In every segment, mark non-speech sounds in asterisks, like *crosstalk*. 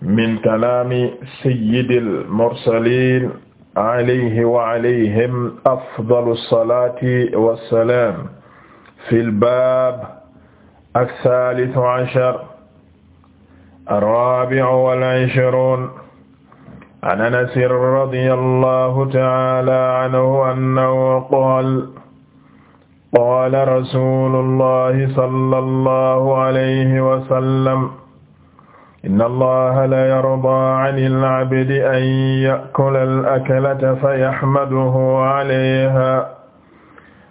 min kalaami sayyidil mursaliin alayhi wa alayhim afdalu salaati wa salaam fil baab as-saalisu ashar ar-raabi'u wal ishruun an Anas radiyallahu ta'aala anhu annahu qaala qaala rasuulullahi sallallahu alayhi wa sallam inna allaha la yarda an al-abdi an ya'kula al-aklata fa yahmaduhu alayha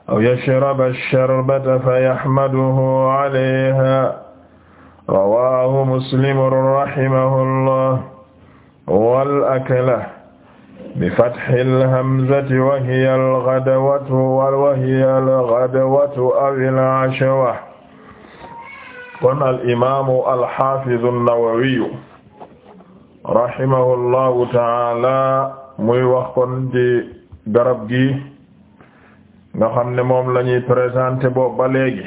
aw yashraba ash-sharbata fa yahmaduhu alayha rawahu muslimun rahimahullah wal akla bi fathi al-hamzati wa hiya al-ghadawatu wa hiya al-ghadawatu aw al-'ashwa kon al imaamu alxaafizu nawawiyu rahimahullahu taala muy wax kon ci garab gi nga xam ne moom lañuy ñuy présenté boobu ba léegi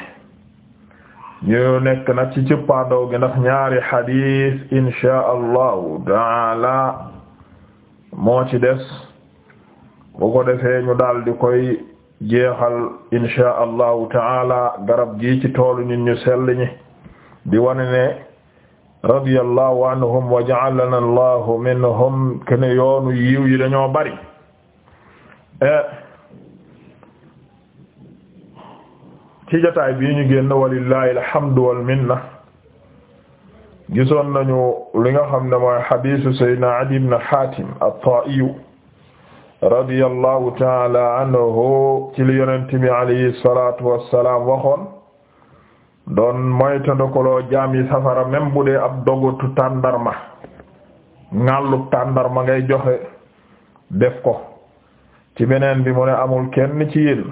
ñu nekk nag ci cëppaandaw gi ndax ñaari xadiis inshaa allahu taala moo ci des bu ko defee ñu daldi koy jeexal inshaa allahu taala garab gi ci toolu ñun ñu sell ñi di wane ne radiyallahu anhum wa ja'alana allahu minhum kene yoonu yiw yi dañoo bari eh, ci jotaay bii ñu génn walillahi alhamdu wal minna gisoon nañu li nga xam ne mooy xadiisu sayyidina Adi ibn Hatim at-Ta'i radiyallahu ta'ala anhu ci li yonent bi alayhi waxoon doon moytandikuloo jaam yi safara même bu dee ab dogutu tàndarma ngàllub tàndarma ngay joxe def ko ci beneen bi mu ne amul kenn ci yéen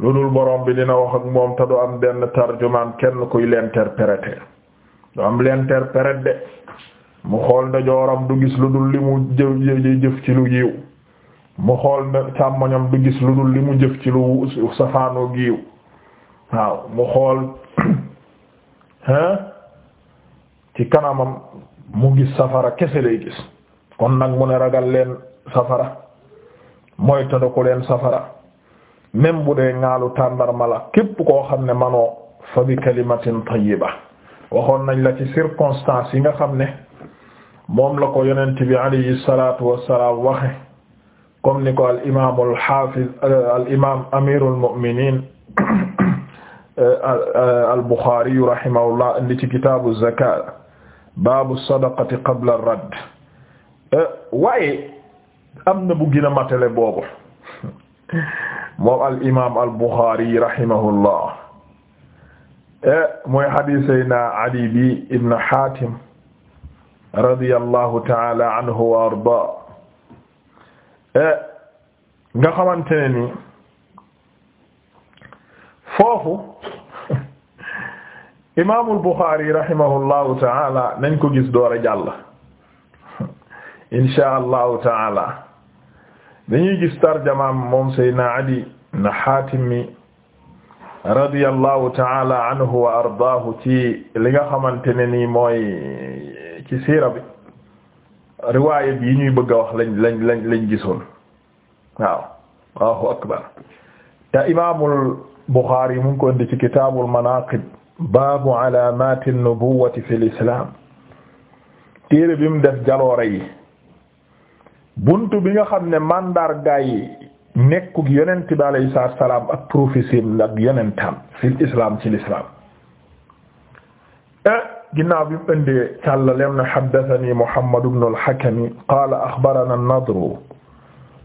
lu dul borom bi dina wax moom te du am benn tarjumaan kenn kuy l'interpréter du am l'interprète de mu xool ndejooram du gis lu dul li mu jëf ci lu yiw mu xool ne càmmoñam du gis lu li mu jëf ci lu safaanoo giiw waaw mu xool hein ci kanamam mu gis safara kese lay gis kon nag mu ne ragal leen safara mooy tëddaku leen safara même bu dee ŋaalu tàndarma la képp koo xam ne manoo fa bi kalimatin tayyiba waxoon nañ la ci circonstance yi nga xam ne moom la ko yonent bi alayhi salaatu wassalaam waxe comme ni ko al imaam al al imaam al Buxaari rahimahullah indi ci kitaabu zakaat baabu sadaqati qabla radd eh, waaye am na bu gën a matale boobu moom al imaam al Buxaari rahimahullah eh, mooy hadiisay na Adi bi ibn Haatim radiyallahu ta'ala anhu wa ardaa eh, nga xamante ne ni foofu imaamul Buxaari rahimahullahu taala nañ ko gis door a jàll *laughs* insha allahu taala dañuy gis tarjamaam moom Seydina Adi na Haatimi radiyallahu taala anhu wa ardaahu ci li nga xamante ne nii mooy ci siira bi riwaaya bi yi ñuy bëgg a wax lañ lañ lañ lañ gisoon waaw Allahu akbar te imaamul Buxaari mu ngi ko indi ci kitaabul manaaqib baabu alaamati nubuwati fi lislaam téere bi mu def jaloore yi bunt bi nga xam ne màndargaay yi nekkuk yonent bi alayhi salaam ak prophétie ak yonentam fil islam ci lislaam eh, ginnaaw bi mu indee càllaleem na haddathani Muhammad mu al-Hakam qaala axbarana an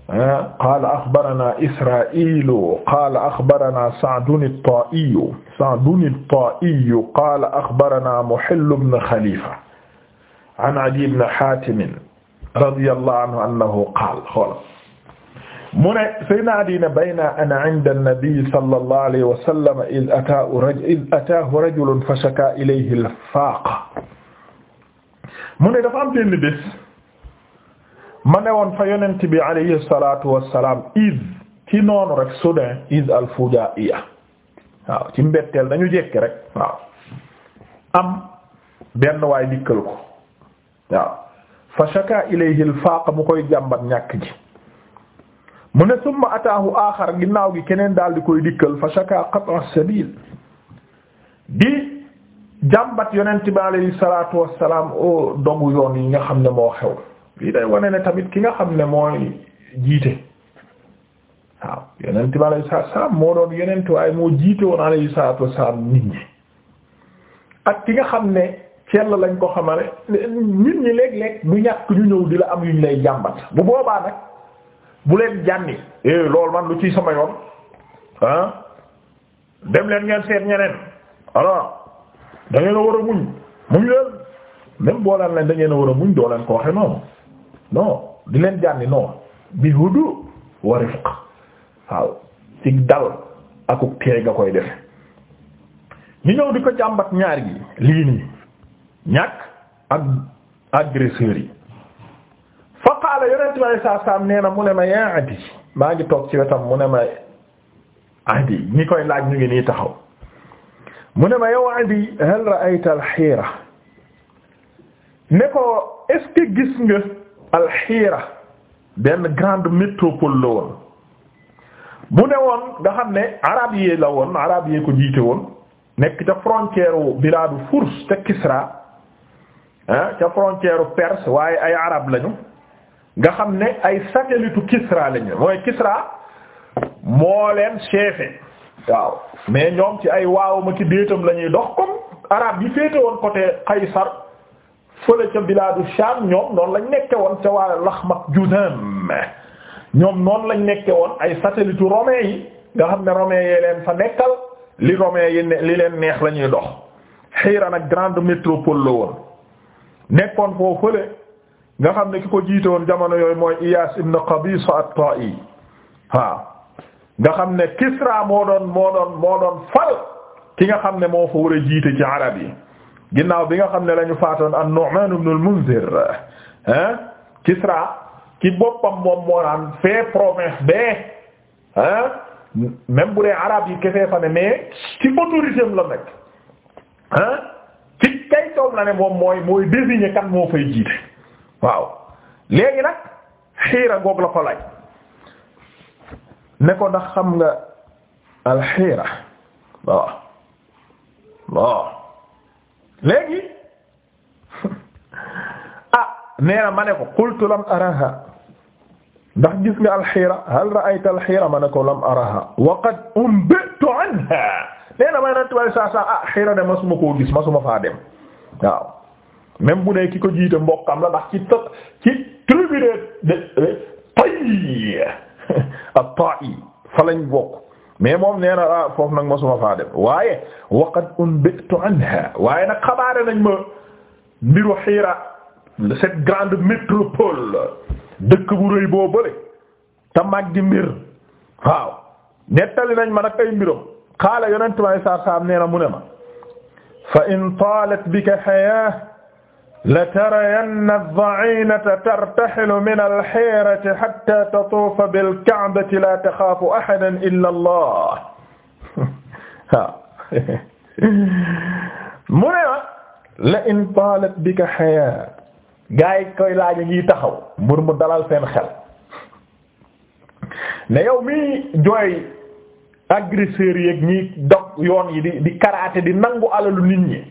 Eh? qaala axbaranaa Israa'iilu qaala axbaranaa Sa'dun at-Taa'iyu Sa'dun at-Taa'iyu qaala axbaranaa Muhill ibn Khalifa an Adiyy ibn Haatim radiyallahu anhu annahu qaala xool mu ne Seydina Adiy ne baynaa ana inda an-nabiyyi sallallahu alayhi wa sallam iz ataahu rajul iz ataahu rajulun fashakaa ilayhi al-faaqa mu ne dafa am benn bés ma ne woon fa yonent bi alayhi salaatu wassalaam iz ci noonu rek soudain iz al fujaiya waaw ci mbetteel dañu jekki rek waaw am benn waay dikkal ko waaw fa shaka ilayhi al faaq koy jàmbat ñàkk ji mu ne summa ataahu aaxar ginnaaw gi keneen daal di koy dikkal fa shaka qat'a sabil di jàmbat yonent bi alayhi salaatu wassalaam o dogu yoon yi nga xam ne moo xew lii day wane ne tamit ki nga xam ne mooy jiite waaw yonent bi alayhi salaatu salaam moo doon yonent waaye moo jiite woon alayhi salaatu wasalaam nit ñi ak ki nga xam ne cell lañ ko xamale nit ñi léeg-léeg du ñàkk ñu ñëw di la am yuñ lay jàmbat bu boobaa nag bu leen jànni eh, loolu man lu ci sama yoon ah dem leen ngeen seet ñeneen alors da ngeen war a muñ muñ leen même boo leen leen da ngeen a war a muñ doo leen ko waxe noonu non di leen jànni non bi hudu wa rifq waaw ci dal akuk teey nga koy defe ñu ñëw di ko jàmbat ñaar gi lii nii ñàkk ak agresseurs yi fa qaala yonent bi saa saam nee na mu ne ma yaa adi maa ngi toog ci wetam mu ne ma adi ñi koy laaj ñu ngi nii taxaw mu ne ma yow adi hal ra'ayta al-hiira ne ko est gis nga alxiira benn grande métropole la woon bu ne woon nga xam ne arab yi la woon arab yi ko jiite woon nekk ca frontière u bilaadu Furs ca Kisra ah ca frontière Perse waaye ay arab lañu nga xam ne ay satellite u Kisra lañu mooy Kisra moo leen chefé waaw mais ñoom ci ay waawama ci déetam la ñuy dox comme arab yi féete woon côté Qaysar fële ca bilaadu Sham ñoom noonu lañ nekke woon ca waa Laxmajunum ñoom noonu lañ nekke woon ay satellite romain yi nga xam ne romain yee leen fa nekkal li romain yi li leen neex la ñuy dox Xiira nag grande métropole la woon nekkoon foo fële nga xam ne ki ko jiite woon jamono yooyu mooy Iyaas ibn Qabisa at-Ta'i waaw nga xam ne Kisra moo doon moo doon moo doon fal ki nga xam ne moo fa war a jiite ci arab yi ginnaaw bi nga xam ne lañu ñu faatoon an-Nu'man ibn al-Munzir ah Kisra ci boppam moom moo naan fee province bee ah même bu dee arab yi kefee fa ne mais ci autorité am kay toom la ne moom mooy mooy désigner kan moo fay jiite waaw léegi nag xiira ngoog la ko laaj ne ko ndax xam nga alxiira waaw waaw léegi *laughs* ah nee na ma ne ko qultu lam araha ndax gis nga alxiira hal ra'ayta alxiira ma ne ko lam araha wa qad umbitu anha nee na may nant way saa saa ah xiira de masuma koo gis masuma faa dem waaw même bu dee ki ko jiite mbokkam la ndax ci t ci tribu de de Tayy *laughs* at-Ta'i fa lañ bokk mais moom nee na ah foofu nag mosuma faa dem waaye waqad unbitu anha waaye nag xabaare nañ ma mbiru Hira cette grande métropole dëkk bu rëy boo bële te mag di mbir waaw nettali nañ ma nag ay mbiram qaala yonent may saar saam nee na mu ne ma fa in taalat bika hayaa latarayanna ad-da'inata tartahilu min al-hirati hatta tatuufa bil-ka'bati la taxaafu ahadan illa Allah mu ne la la in taalat bika hayaa gaa yi koy laaj ngi taxaw mbir mu dalal seen xel ne yow mii jooy agresseurs yeeg ñi dog yoon yi di di karaate di nangu alalu nit ñi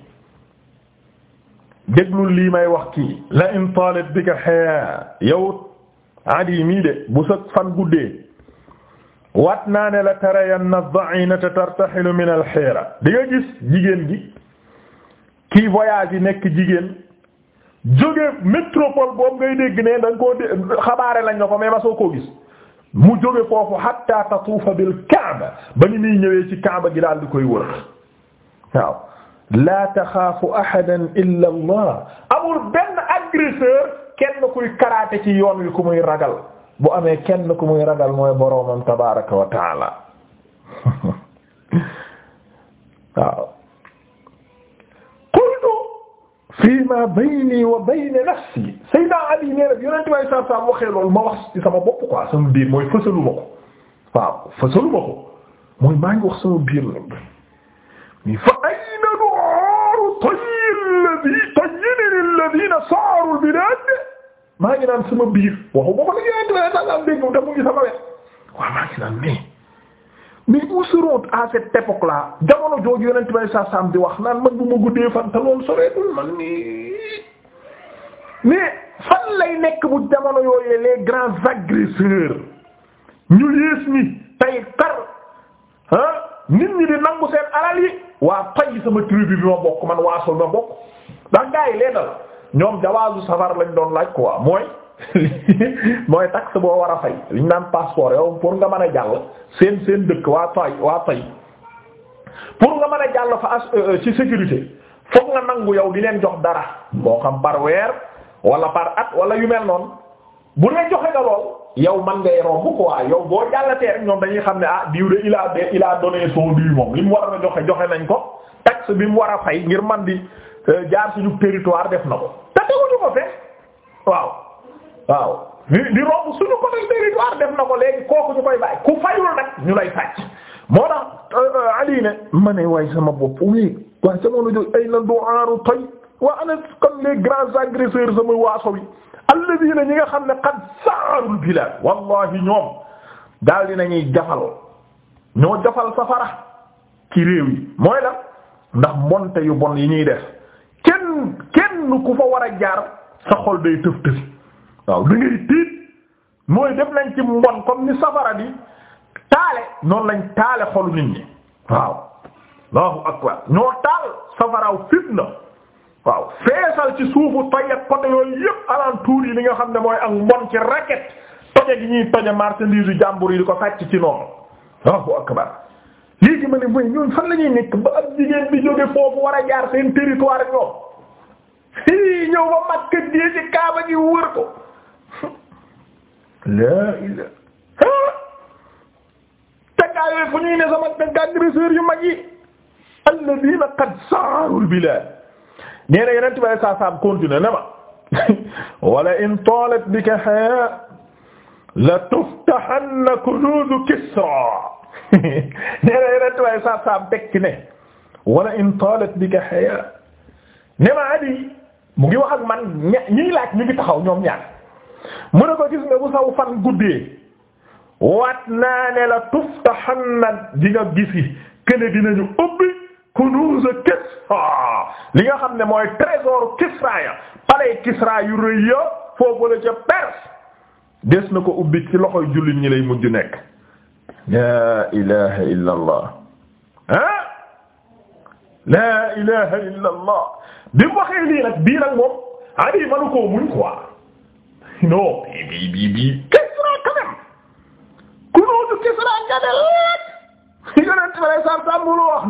déglu lii may wax kii la in talat bika haya yow adi mii de bu sa fan guddee waat naa ne la tarayanna dhainata tartahilu min al hira di nga gis jigéen gi kii voyage yi nekk jigéen jóge métropole boobu ngay dégg ne da nga koo xabaare lañ na ko mais ma soo koo gis mu jóge foofu hatta tatuufa bil kaaba ba ni muy ñëwee kaaba gi daal di koy wër waaw laa taxaafu ahadan illa allah amul benn agresseur kenn kuy karaate ci yoon wi ku muy ragal bu amee kenn ku muy ragal mooy boroomam tabaraka wa taala *laughs* waaw qultu fii ma bayni wa bayna nafsi sayyida ali nee na yonente bi saa saa waxee loolu ma wax ci sama bopp quoi sama biir mooy fësaluma ko waaw fësaluma ko mooy maa ngi wax sama biir alladina saaru al-bilaad maa ngi naan sama biir waxu boo ko la yéen a ngi naan dégg nga mu ngi sama wet waaw maa ngi naan mais mais où seront à cette époque là jamono jooju yonent bay sa sam di wax naan man bu ma guddee fan te loolu soreetul man nii mais fan lay nekk bu jamono yooyee les grands agresseurs ñu yées ñi tay kar ah nit ñi di nangu seen alal yi waa pay sama tribu bi ma bokk man waasul ma bokk ndax gaa yi leen la ñoom jawaazu safar lañ doon laaj quoi mooy *laughs* mooy taxe boo war a fay liñ naan passeport yow pour nga mën a jàll seen seen dëkk waa tay waa tay pour nga mën a jàll fa as euh, euh, ci sécurité fokk nga nangu yow di neen jox dara moo xam par weer wala par at wala yu mel noonu bu dee joxe nga lool yow man ngay romb quoi yow boo jàllatee rek ñoom dañuy xam ne ah diw de il a il a donné son moom li mu war a joxe joxe nañ ko taxe bi mu war a fay ngir man di. Euh, jaar suñu territoire def na ko te teguñu ko fee waaw waaw di romb suñu côté territoire def na ko léegi kooku ñu koy bàyyi ku fayul nag ñu lay sàcc moo tax euh, euh, ali ne ma ne waaye sama bopp oui waaye a jooju ay na doaru toy waa ana kon les grands agresseurs sama waaso yi alladina ñi nga xam ne qad sa'arul bilad wallahi ñoom daal dinañuy jafal ñoo jafal safara ci réew yi mooy la ndax mbonte yu bon yi ñuy def kenn ku fa war a jaar sa xol day tëf tëfi waaw da ngay mooy def nañ ci mbon comme ni safara di taale noonu lañ taale xolu nit ñi waaw allahu akbar ñoo taal safaraaw fitna waaw feesal ci suufu toyet côté yooyu yépp alentours yi li nga xam ne mooy ak mbon ci racket toje gi ñuy toje marchandise yu jàmbur yi di ko sàcc ci noonu allahu akbar léegi ma ne mooy ñun fan la ñuy nekk ba ab jigéen bi jóge foofu war a jaar seen territoire ñoom ñëw ba Makka jee ci Kaaba gi wër ko laa ilaa te gaa yooyu fu ñuy ne sama agresseur yu mag yi alladina qad saaru albilaad nee na yeneen tubaab saa saam continuer ne ma wala in taalat bika hayaa la tuftahanna kunuuzu Kisraa nee na yeneen tubaab saa saam tekki ne wala in taalat bika hayaa ne ma adi mu ngi wax ak man ña ñiy laaj ngi taxaw ñoom ñaar mu ne ko gis nga bu saw fan guddee waat naa ne la tuftahanna di nga gisi këne dinañu ubbi kunuuza Kisra li nga xam ne mooy trésor Kisra ya palais Kisra yu rëy ya foofu la ca des na ko ubbi ci loxoy jullit ñi lay mujj nekk laa ilaha illa allah laa ilaha illa bi mu waxee lii nag bii nag moom Adi Kisra quand même ku Kisra nga ne lépp yonent bi alayhi wax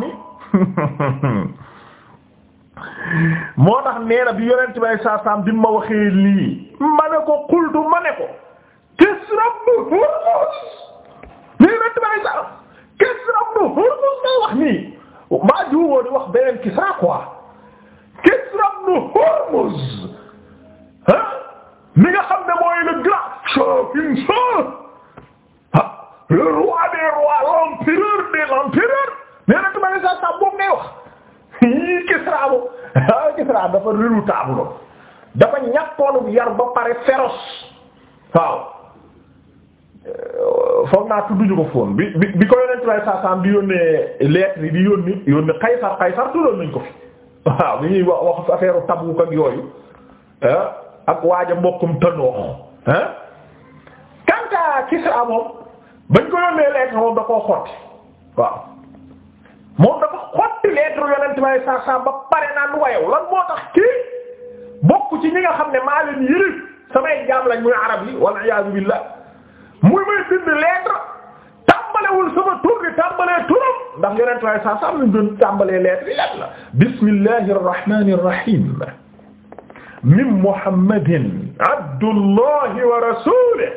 ni moo tax nee na bi yonent bi alayhi salaatu ma waxee lii ma ne ko qultu ma ne ko Kisra ibn Hurmuz ni yonent bi alayhi Kisra ibn Hurmuz ngay wax nii maa juumoo di wax beneen Kisra quoi Kisra ibn Hurmuz ah mi nga xam ne mooy le grand chef ah le roi des rois l'empereur de l'empereur mais nag ma ne sax sax boobu bu ah Kisra dafa réewu tableau dafa ñàkkoon yar ba pare féroce waaw. Euh, foog naa tudduñu ko foon bi bi bi ko yónnee tubaab sasam bi yónnee lettre yi di yónni yónni Qaysar Qaysar tuddoon nañ ko waaw bi ñuy wax wax affaire Tabuk ak yooyu ah, ak waaja mbokkum tënoox ah kanta Kisra moom bañ ko yónnee lettre moom da xotti waaw moom dafa xotti lettre yonent may sa sa ba pare naan wayow lan moo tax kii bokk ci ñi nga xam ne maa leen samay jaam lañ muy arab yi wal iyaazu billah muy may bind lettre tàmbalewul sama tur bi tàmbalee turam ndax yeneen tubaab yi sax sax mu doon tàmbalee lettre yi la bismillahir rahmanir rahim min muhammadin abdullahi wa rasulihi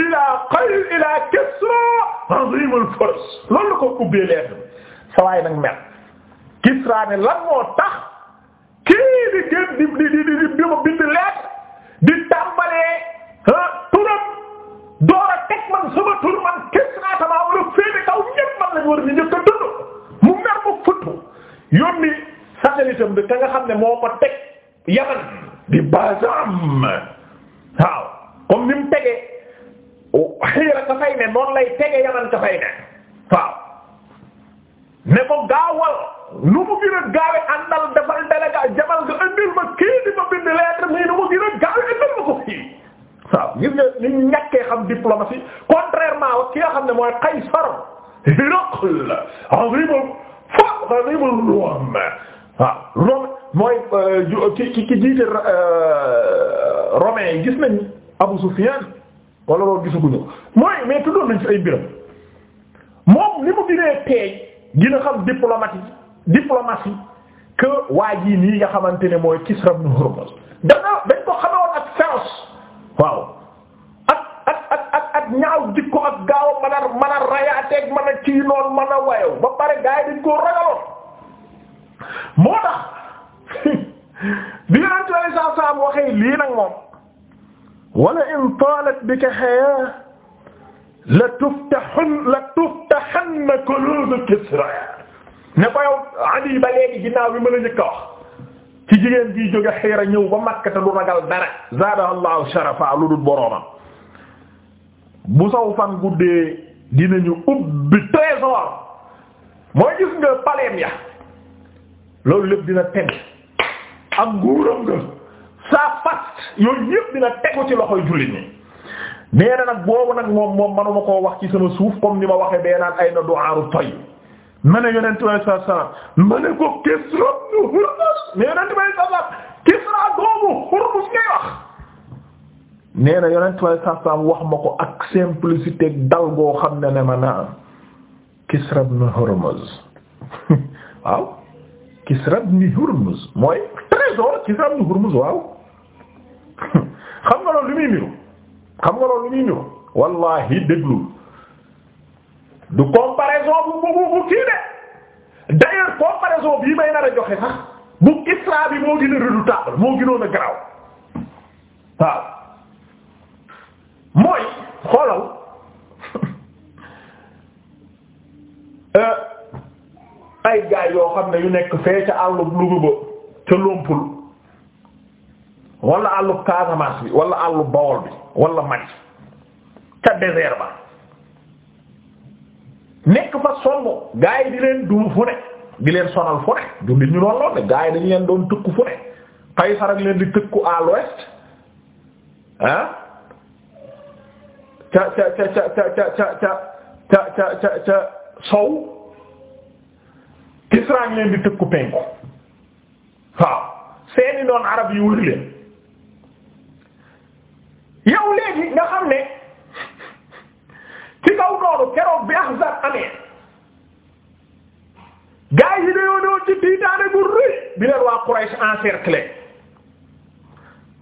ila qal ila kisra azimul furs loolu la ko ubbee lettre bi sa waay nag mer kisra ne lan moo tax kii di gën di di di ne moo ko teg Égyptiens gis nañ Abu Sufyan wala loolu gisaguñu mooy mais tuddoon nañ ci ay mbiram moom ni mu ginee teey gina xam diplomatie diplomatie que waa jii nii nga xamante ne mooy Kisra ibn Hurmuz dana dañ ko xamewoon ak féroce waaw ak ak ak ñaaw jikko ak gaaw a a mën a rayaateeg a ciy noonu mën a wayew ba pare gars yi dañ koo ragaloon moo tax *laughs* bi nga naan ci la waxee lii nag moom wala in taalat bika hayaa la tuftahun la tuftahanna quluubu Kisra ne ko yow Adi ba léegi ginnaaw bi ma la njëkk a wax ci jigéen bii jóge Hiira ñëw ba Makka te du ragal dara zaadaha Allahu sharafa lu dul boroomam bu saw fan guddee dinañu ubbi trésor mooy gis nga paleem ya loolu lépp dina teg ak nguuram nga saa fas yooyu yëpp dina tegu ci loxoy jullit ñi nee nag boobu nag moom moom manuma koo wax ci sama suuf comme ni ma waxee bee naan ay na du'aaru tay ma ne yonent bay saa saa ma ne ko Kisra nu Hurmus ne yonent bay saa saa wax na yonent bay saa saa wax ma ko ak simplicité dal goo xam ne ne ma naa Kisra nu Hurmus *laughs* waaw Kisra nu Hurmus mooy trésor Kisra waaw xam nga loolu lu muy niru xam nga loolu lu muy niru wallahi déglul du comparaison bu bu bu kii de d'ailleurs comparaison may nar a joxe sax bu ISRA bi moo gën a redoutable moo gënoon a garaaw waaw mooy xoolal *laughs* euh, ay gaay yoo xam ne yu nekk fee ca àll bu Louga ca Lompul. wala àllu Casamance bi wala àllu Bawol bi wala Mali ca désert nekk fa sonn gaa yi di leen duur fu ne di leen sonal fu du li ñu doon de gaa yi dañu leen doon tëkku fu ne Qaysar leen di tëkku à l'ouest ah ca ca ca ca ca ca ca ca ca ca ca sow Kisra ak leen di tëkku penku waaw seeni doon arab yi wër leen yow léegi nga xam ne ci kaw noonu keroog bi ahzan amee gaay yi dañoo ñëw ci tiitaane bu rëy bi leen waa Quraysh encerclé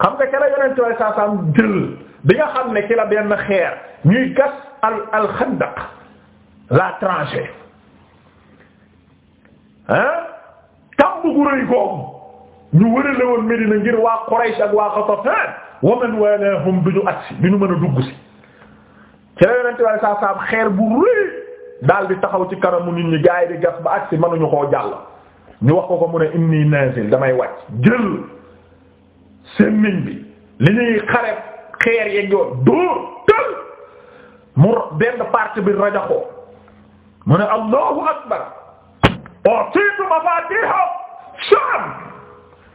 xam nga keroog yonent way saa saam jël bi nga xam ne ci la benn xeer ñuy gas al al xandaq la tranchée ah tamb gu rëy googu ñu wërale woon Medina ngir waa Quraysh ak waa Xatafaan wa man walahum ñu agsi duñu mën a dugg si ci la yonent bi saa saam xeer bu rëy daal taxaw ci kanamu nit ñi gaay di gas ba agsi mënuñu koo jàll ñu wax ko ko mu ne inni nazil damay wàcc jël semmiñ bi li ñuy xare xeer yeeg yoon dóor tël mu benn partie bi rajaxoo mu ne allahu akbar utiitu mafaatiha shaam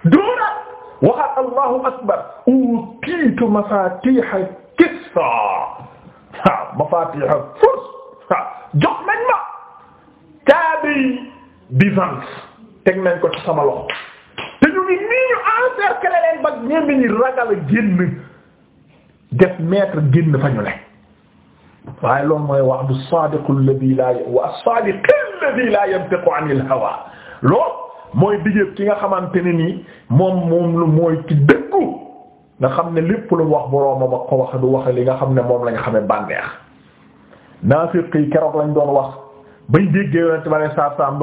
dóora waxaat allahu akbar utiitu mafatih kisra waaw mafatih furs waaw jox nañ ma caabi Byzance teg nañ ko ci sama loxo te ñu ngi nii ñu encercler leen ba ñenn ñi ragal a génn def mètre génn fa ñu ne waaye loolu mooy wa'du sadiq alladhi la wa as-sadiq alladhi la yantiqu 'anil hawa lool mooy digéeb ki nga xamante ne nii moom moom lu mooy ki dëggu nga xam ne lépp lu wax borooma ba ko wax du wax li nga xam ne moom lañ xam ne bànneex naafiq yi keroog lañ doon wax bañ déggee yonent bi alayhi salaatu salaam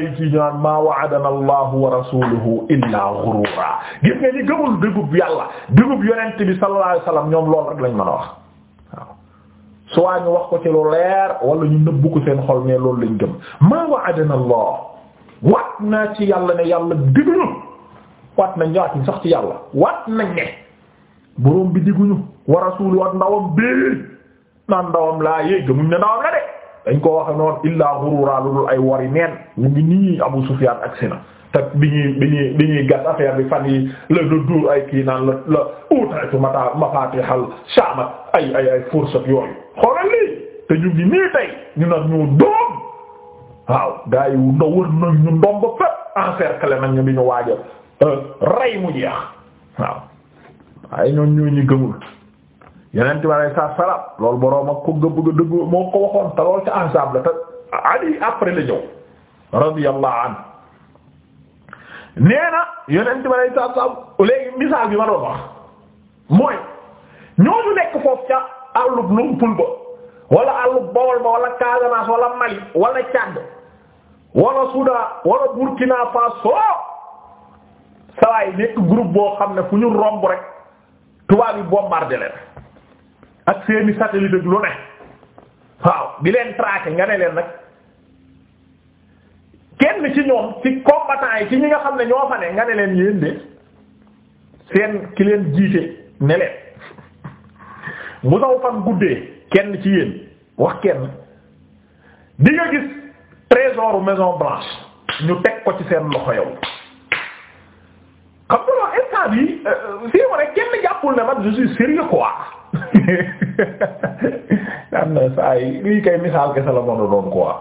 yi ci ñaan maa wa'adana allahu wa rasuluhu yàlla dëggub yonent bi sallallahu alayhi wasallam ñoom loolu rek lañ mën a wax waaw su waa ñu wax ko ci lu leer wala ñu nëbbu ko seen xol ne loolu lañ gëm maa wa'adana allah waat naa ci yàlla ne yàlla diguñu waat nañ ñaati sax ci yàlla waat nañ ne boroom bi diguñu wa rasuulu ak ndawam bee ndawam laa yee gëmuñ ne ndawam la de dañ koo waxe noonu illaa ghurura lu ay wari neen mu ngi nii Abu Sufyaan ak sina te bi ñuy bi ñuy bi ñuy gas affaire bi fan yi la la ay kii naan la la utaytu mata mafatihal ay ay ay fursat yooyu xoolal lii te ñu ngi nii tey ñu nag ñoo doom waaw gaa yi wu ndaw wër nañ ñu ndomb fépp encercler nañ ñu di ñu waaja euh, rey mu jeex waaw waaye ñoom ñoo ñu gëmul yeneen tubaab yi saa salaam loolu boroom ko bëgg a dëgg moo ko waxoon te loolu ca ensemble te Ali après la ñëw radiyallahu anhu nee na yeneen tubaab yi saa léegi misaal bi ma doon wax mooy ñooñu nekk foofu ca àllub Lumpul ba wala àllub Bawol ba wala Casamance wala Mali wala Tchad. wala Soudan wala Burkina Faso sawaay nekk groupe boo xam ne fu ñu romb rek tubaab yi bombardé leen ak seeni satellite ak lu waaw di leen traquer nga ne leen nag kenn ci ñoom ci combattant yi ci ñi nga xam ne ñoo fa ne nga ne leen yéen de seen ki leen jiite ne leen *laughs* bu saw fan guddee kenn ci yéen wax kenn di nga gis trésor Maison Blanche ñu teg ko ci seen loxo yow xam nga loolu instant bi euh, euh, si ma rek kenn jàppul ne man je suis sérieux quoi daan *laughs* na saa yi lii kay misaal kese la mën a doon quoi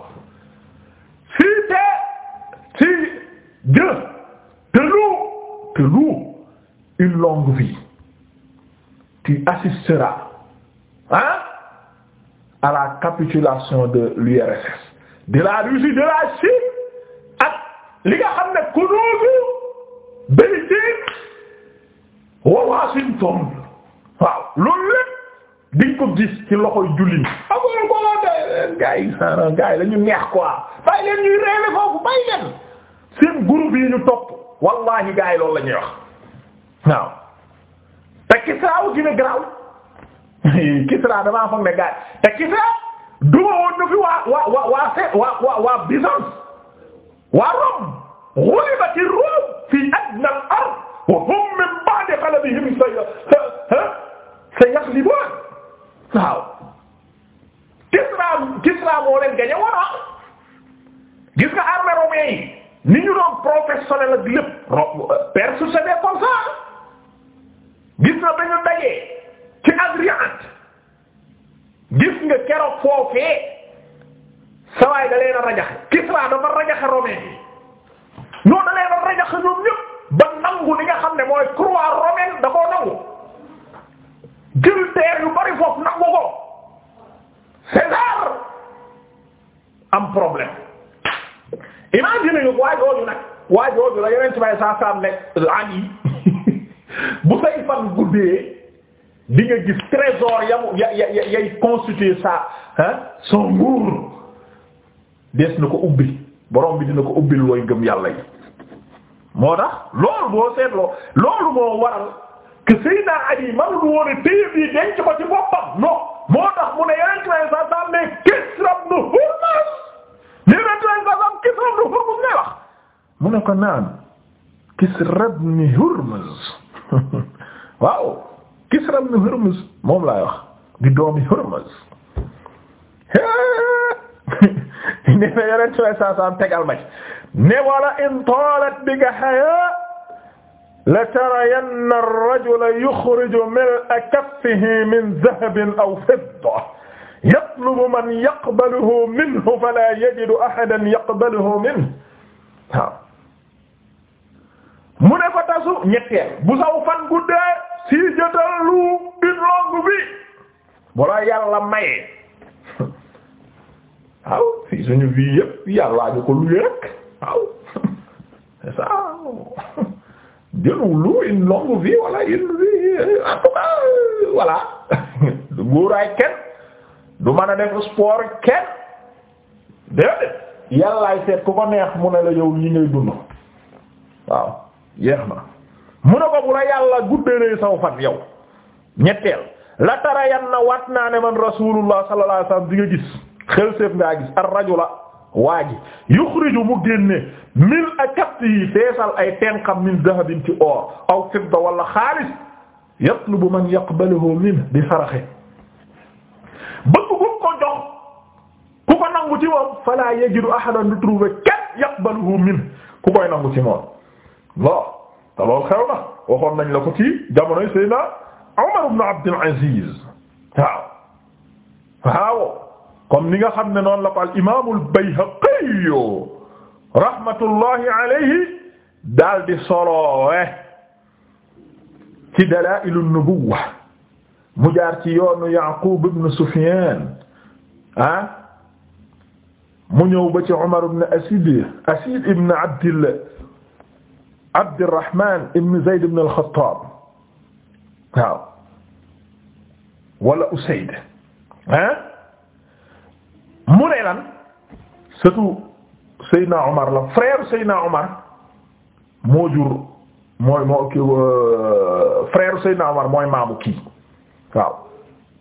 fii te fii Dieu te nous te nous une longue vie tu assisteras hein à la capitulation de l'URSS de la Russie de la Chine ak li nga xam ne Kunoosu Beijing wa Washington waaw loolu lépp diñ ko gis ci loxoy jullit amoon booloo de gaa ko saana gaa leen ñuy reele foofu bàyyi leen seen groupe yi ñu topp wallahi gaa yi loolu la ñuy wax waaw te Kisra gën a garaaw *laughs* Kisra damaa foog ne gaa yi te Kisra duma woon fi waa waa waa waa Byzance waa fi adna ard wa hum min ba'di ghalabihim sayaghlibun waaw Kisra Kisra moo leen gañe woon ah. gis nga armée romaine yi ni ñu doon professionnel ak lépp Perse c'était comme ça gis nga dañu dajee ci Adriate gis nga keroog foofee sawaay da leen a rajaxe Kisra dafa rajaxe romain yi ñoo da leen a rajaxe ñoom ñëpp nangu li nga xam ne mooy croix romaine da nangu jël terre yu bari foofu nangu ko César am problème imagine ñu waa jooju nag waa jooju la yeneen ci may saa saa nekk an bu say fan guddee di nga gis trésor yamu ya ya yay constituer ça hein son nguur des na ko ubbi borom bi dina ko ubbil looy gëm yàlla yi moo tax loolu boo seetloo loolu moo waral que Seydina Ali mënul woon a téye bii denc ko ci boppam non moo tax mu ne yeneen traçais sax daan ne Kisra ibn Hurmuz yeneen traçais sax daan Kisra ibn Hurmuz ngay wax mu ne ko naan Kisra ibn Hurmuz *laughs* waaw Kisra ibn Hurmuz moom laay wax di doomi Hurmuz *laughs* *laughs* nee na yonent bi saa saa tegal ma ci ne wala in taalat bika hayaa la tarayanna ar-rajula yukhriju mil'a kaffihi min dhahabin aw fidda yatlubu man yaqbaluhu minhu fala yajidu ahadan yaqbaluhu minhu waaw mu ne fa tasu ñetteel bu saw fan guddee si jotalu une longue vie wala yàlla maye aw si suñu vie yëpp yàllaa ñu ko luye rek waaw *laughs* c'est *laughs* lu une longue vie wala une vie en tout cas voilà *laughs* du góoraay kenn du mën a def sport kenn déedéet yàllaay seet ku ko neex mu ne la yow li ngay dund waaw yeex na mu ne ko bu la yàlla guddalee saw fan yow ñetteel la tara yan na wat naa ne man rasulullah sallallahu alaihi wasallam di nga gis xel seef ngaa gis ar rajula waa ji yuxriju mu génne min akaffihi feesal ay tenqam min dahabin ci or aw fidda wala xaalis yatlubu man yaqbaluhu min di saraxe bëgg ku ko jox ku ko nangu ci moom fala yajidu ahadan du trouver kenn yaqbaluhu min ku koy nangu ci moom bon te loolu xew na waxoon nañ la ko ci jamonoy Seydina Umar ibn Abdul Aziz waaw waaw comme ni nga xam ne noonu la ko al imaamu al Bayhaqi rahmatullahi alayhi daal di soloowe ci Dalaa'ilu Nubuwwa mu jaar ci yoonu Yaqub ibn Sufyan ah mu ñëw ba ci Umar ibn Asid Asid ibn Abdil Abdirrahman ibn Zayd ibn al-Khattab waaw wala Usayd ah mu ne lan surtout Seydina Omar la frère Seydina Omar moo jur mooy moo kii euh, frère Seydina Omar mooy maamu kii waaw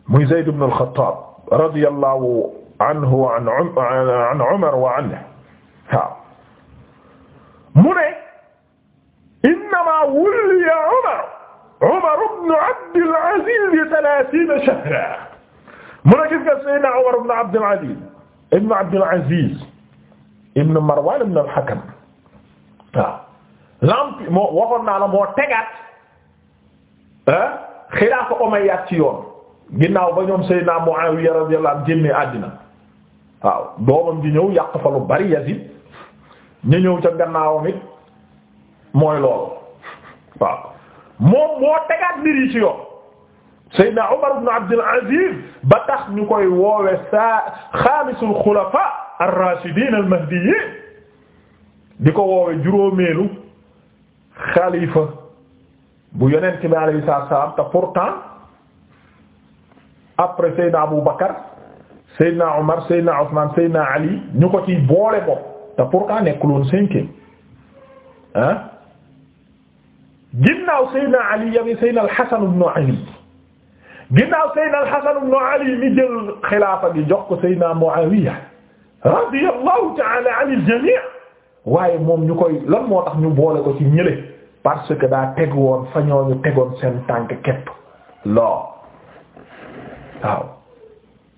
muy Zayd ibn al-Khattab radiyallahu anhu wa an an Umar wa anhu waaw mu ne innama wulliya Umar Umar ibn Abdul Aziz thalaathiina shahran mu ne gis nga Seydina Umar ibn Abdul Aziz ibn Abdul Aziz ibn Marwan ibn al-Hakam moo waxoon naa la moo tegaat ah, xilaafa Umayyaat ci yoon ginnaaw ba ñoom Seydina Muawiya radiyallahu anhu génne àddina waaw doomam di ñëw yàq fa lu bari Yazid ñu ñëw ca gannaaw mi mooy loolu waaw moom moo tegaat mbir yi ci yoon Seydina Umar ibn Abdul Aziz ba tax ñu koy woowe saa xaamisul xulafa ar-rashidin al-mahdiyyin di ko woowe juróomeelu xalifa bu yonent bi alayhi salaam te pourtant après Seydina Abu Bakar Seydina Umar Seydina Ousmane Seydina Ali ñu ko ci boole bopp te pourtant nekkul woon cinquième ah ginnaaw Seydina Ali yabi Seydina al-Hasan ibn Ali ginnaaw Seydina al-Hasan ibn Ali mi jël xilaafa gi jox ko Seydina Muawiya radiyallahu ta'ala anil jami' waaye moom ñu koy lan moo tax ñu boole ko ci ñële parce que daa teg woon fa ñooñu tegoon seen tànk képp loo waaw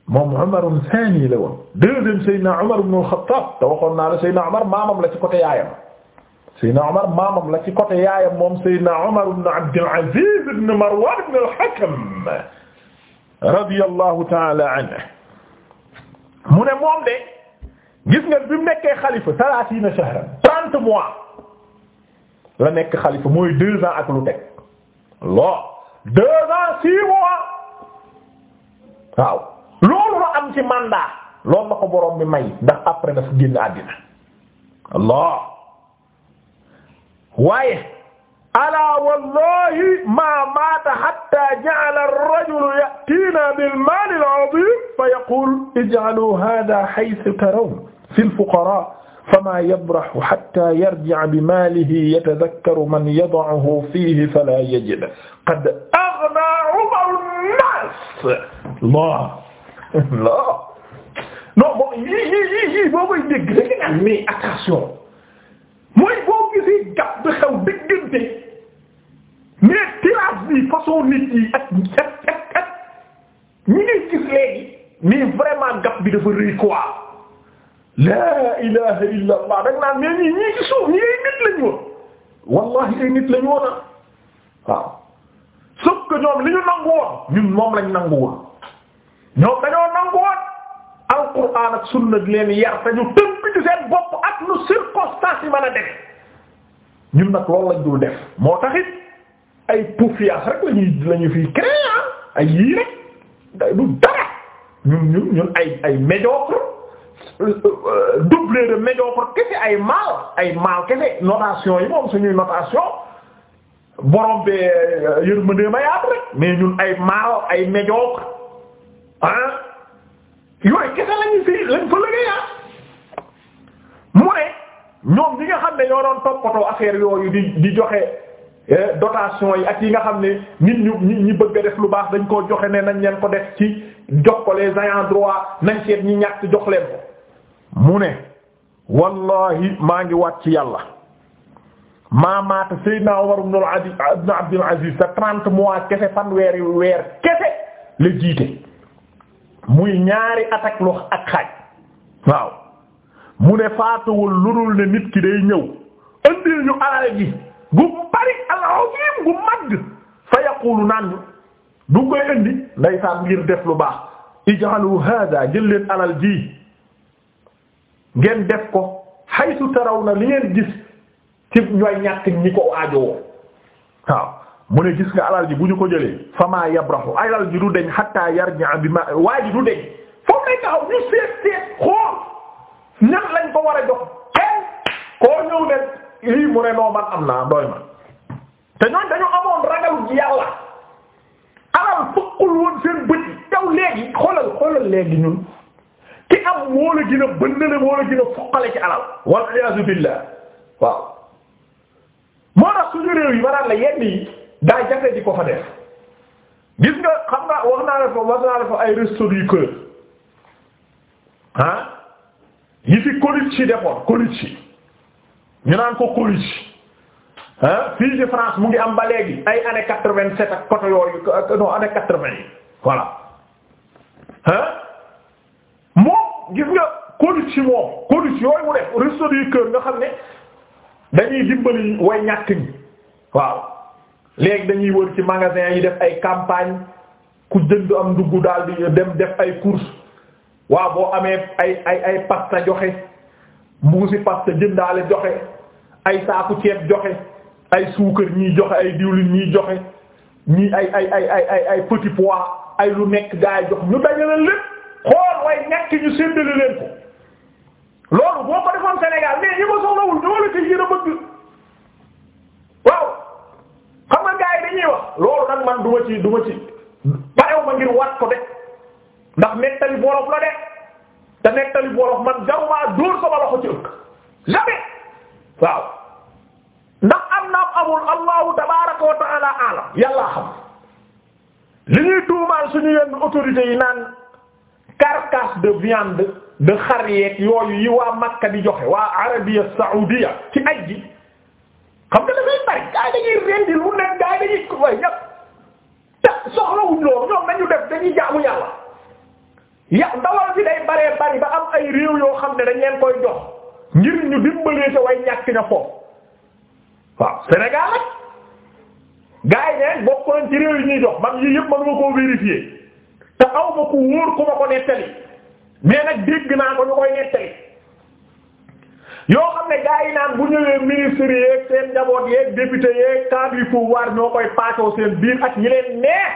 moom Umar thani la woon deuxième Seydina Umar ibn al-Khattab te waxoon naa la Seydina Umar maamam la ci côté yaayam Seydina Omar maamam la ci côté yaayam moom Seydina Omar ibn Abdul Aziz ibn Marwan ibn al-Hakam radiyallahu ta'ala anhu mu ne moom de gis nga bi mu nekkee xalifa salaasiina shahran trente mois la nekk xalifa mooy deux ans ak lu teg loo deux ans six mois waaw loolu la am ci mandat loolu la ko borom bi may ndax après dafa génn àddina Allah waaye alaa wallahi maa maata hatta ja'ala ar-rajulu ya'tiina bil maali al-'aziim fa yaqulu ij'aluu haadaa haysu tarawna fi al-fuqaraa famaa yabrahu hatta yarji'a bi maalihi yatadhakkaru man yad'uhu fiihi falaa yajidu qad aghnaa 'umaru an-naas Allah Allah *laughs* non bon yii yii yii boo koy dégg rek mais attention mooy boo gisee gàpp bi xew diggante mais tirage bi façon nit yi ak ak ak ak ñi ngay gis léegi mais bi dafa rëy quoi la ilaha illa allah dag naan mais ñii ñii ci suuf ñii ay nit wallahi ay nit lañu ah. ñoom li ñu ñun moom lañ nangu ñoom dañoo nangu alquran ak sunna leen yar te ñu tënk ci seen bopp ak lu circonstance yi mën a def ñun nag loolu lañ dul def moo taxit ay poufias rek lañuy lañu fiy créer ah, ay yii rek du dara ñun ñun ay ay médiocre euh, doublé de kese ay mal ay mal kese notation yi moom suñuy notation borom be euh, yërmandee ma rek mais ñun ay mal ay médiocre ah yooyu kese lañu si lañ fa liggéeyaa ah. mu ne ñoom ñi nga xam ne ñoo doon toppatoo affaire yi di di joxe eh, dotation yi ak yi nga xam ne nit ñu nit ñi bëgg a def lu baax dañ koo joxe ne nañ leen ko def ci jox ko les ayants droit nañ seet ñi ñàkk jox leen ko mu ne wallahi maa ngi waat ci yàlla maa maata Seydina Umar ibn Abdul Aziz sa trente mois kese fanweeri weer kese la jiite muy ñaari attaque ak xaaj waaw mu ne faatuwul lu dul ne nit ki day ñëw andil ñu alal ji gu bari alazim gu mag fa yaqulu naan du koy indi ndaysaan ngir def lu baax ij'alu hada jël leen alal ji ngeen def ko haythu tarawna li ngeen gis ci ñooy ñàkk ñi ko waajowoo waaw mu ne gis nga alal ji bu ñu ko jëlee fama yabrahu alal ji du deñ hatta yarji'a bi ma waa ji du deñ foofu lay taxaw ñu seet seet xool ñan lañ ko war a jox kenn koo ne lii mu ne noo am naa doy ma te ñooñ dañu amoon ragal ji yàlla alal fukkul woon seen bët yi taw léegi xoolal xoolal léegi ñun ki am moo la gën a bëndale moo la gën a fukkale ci alal wal iyaazu billah waaw moo tax suñu réew ma daan la yenn yi daa jafe di ko fa def gis nga xam nga wax naa la fa wax naa la fa ay restos yu cœur ah yi fi Colucci defoon Colucci ñu naan ko Colucci ah fii de France mu ngi am ba léegi ay années quatre-vingt-sept ak côté yooyu non années quatre-vingt yi voilà ah moom gis nga Colucci moom Colucci yooyu mu def restos du cœur nga xam ne dañuy dimbali way ñàkk ñi waaw. léegi dañuy wër ci magasin yi def ay campagne ku jënd am dugg daal di dem def ay course waaw boo amee ay ay ay pasta joxe mbuusi pasta jëndaale joxe ay saaku ceeb joxe ay suukar ñiy joxe ay diwlin ñiy joxe ñii ay ay ay ay ay ay petit pois ay lu nekk gaa yi jox ñu dajale lépp xool way nekk ñu séddale leen ko loolu boo ko defoon Sénégal mais ñi ma soxlawul ñoo la koy yërëm xam nga gars yi dañuy wax loolu nag man duma ci duma ci parew ma ngir wat de ndax nettali borof la de te nettali borof man jaruma dóor sama loxo ci ëkk jamais waaw ndax am na amul allahu tabaaraka wa ta'ala alam yàllaa xam li ñuy tuumaal suñu yenn autorités yi naan carcasse de viande de xar yeeg yooyu yi waa Makka di joxe waa Arabie Saoudia ci aj gi xam nga dafay bari gaa yi dañuy rendi lu nekk gaa yi dañuy koy ñëpp te soxlawuñ ñoom nañu def dañuy jaamu yàlla ya ndawal si day baree bari ba am ay réew yoo xam ne dañ leen koy jox ngir ñu dimbalee sa way ñàkk ña foofu waaw Sénégal rek gaa yi neen bokk nañ ci réew yi ñuy jox man yii yëpp manuma koo vérifier te aw ku wóor ku ma ko nettali mais nag dégg naa ko ñu koy nettali yoo xam ne gars yi naan bu ñëwee ministre yeeg seen njaboot yeeg député yeeg cadre du pouvoir ñoo koy paacoo seen biir ak ñi leen neex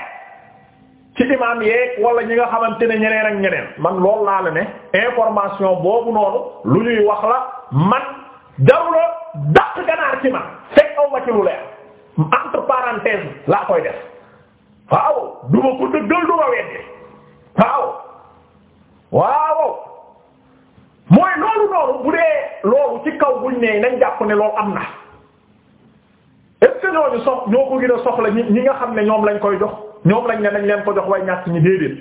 ci imam yeeg wala ñi nga xamante ne ñeneen ak ñeneen man loolu laa la ne information boobu noonu lu ñuy wax la man jaruloo dàq ganaar ci man fekk aw ma ci lu leer entre parenthèses laa koy def waaw duma ko dëggal duma weddi waaw waaw mooy loolu noonu bu dee loolu ci kaw buñ nee nañ jàpp ne loolu am na est-ce que ñooñu soxla ñi ñi nga xam ne ñoom lañ koy jox ñoom lañ ne nañ leen ko jox way ñàkk ñi déedéet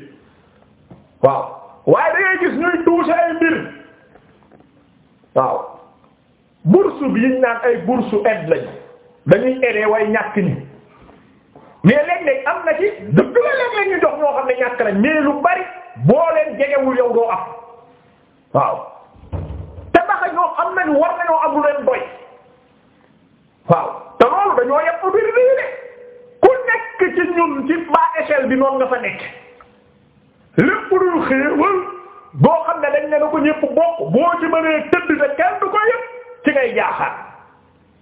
waaw waaye da bi yiñ naan ay bourse aide lañ dañuy aider way ñàkk ñi mais léeg-léeg am na ci dëgg la léeg-léeg ñu jox ñoo xam ne ñàkk nañ mais lu bari boo leen jegewul yow doo am waaw ñoo xam nañu war nañoo am leen doy waaw te loolu dañoo yàpp biir lii ku nekk ci ñun ci bas échelle bi noonu nga fa nekk lépp luy xéewal boo xam ne dañ ne na ko ñépp bokk boo ci mënee tëdd te kenn du ko yëpp ci ngay jaaxaat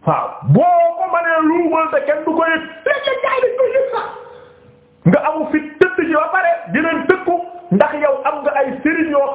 waaw boo ko mënee luumal te kenn du ko yëpp nga amu fit tëdd ci ba pare dinañ tëkku ndax yow am nga ay sëriñ yoo